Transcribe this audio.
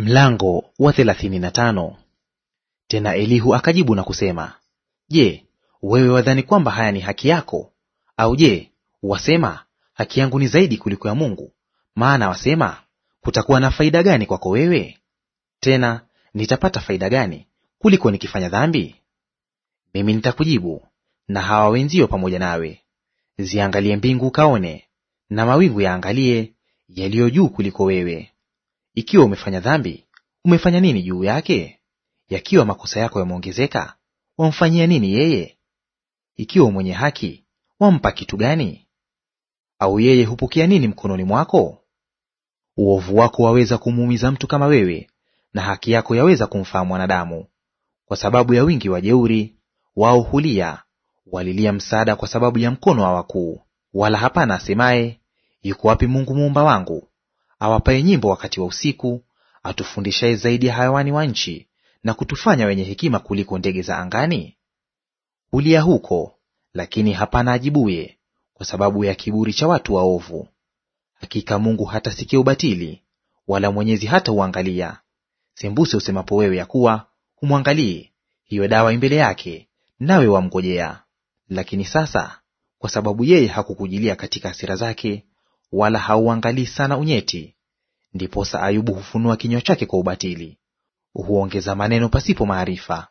Mlango wa tano. Tena Elihu akajibu na kusema, Je, wewe wadhani kwamba haya ni haki yako? Au je, wasema haki yangu ni zaidi kuliko ya Mungu? Maana wasema, kutakuwa na faida gani kwako wewe? Tena nitapata faida gani kuliko nikifanya dhambi? Mimi nitakujibu, na hawa wenzio pamoja nawe. Ziangalie mbingu ukaone, na mawingu yaangalie, yaliyo juu kuliko wewe. Ikiwa umefanya dhambi, umefanya nini juu yake? Yakiwa makosa yako yameongezeka, wamfanyia nini yeye? Ikiwa mwenye haki, wampa kitu gani? Au yeye hupokea nini mkononi mwako? Uovu wako waweza kumuumiza mtu kama wewe, na haki yako yaweza kumfaa mwanadamu. Kwa sababu ya wingi wa jeuri wao hulia, walilia msaada kwa sababu ya mkono wa wakuu. Wala hapana asemaye, yuko wapi Mungu muumba wangu? awapaye nyimbo wakati wa usiku, atufundishaye zaidi ya hayawani wa nchi, na kutufanya wenye hekima kuliko ndege za angani? Hulia huko, lakini hapana ajibuye, kwa sababu ya kiburi cha watu waovu. Hakika Mungu hatasikia ubatili, wala Mwenyezi hata uangalia. Sembuse usemapo wewe ya kuwa humwangalii, hiyo dawa imbele yake, nawe wamngojea. Lakini sasa, kwa sababu yeye hakukujilia katika hasira zake, wala hauangalii sana unyeti, Ndiposa Ayubu hufunua kinywa chake kwa ubatili, huongeza maneno pasipo maarifa.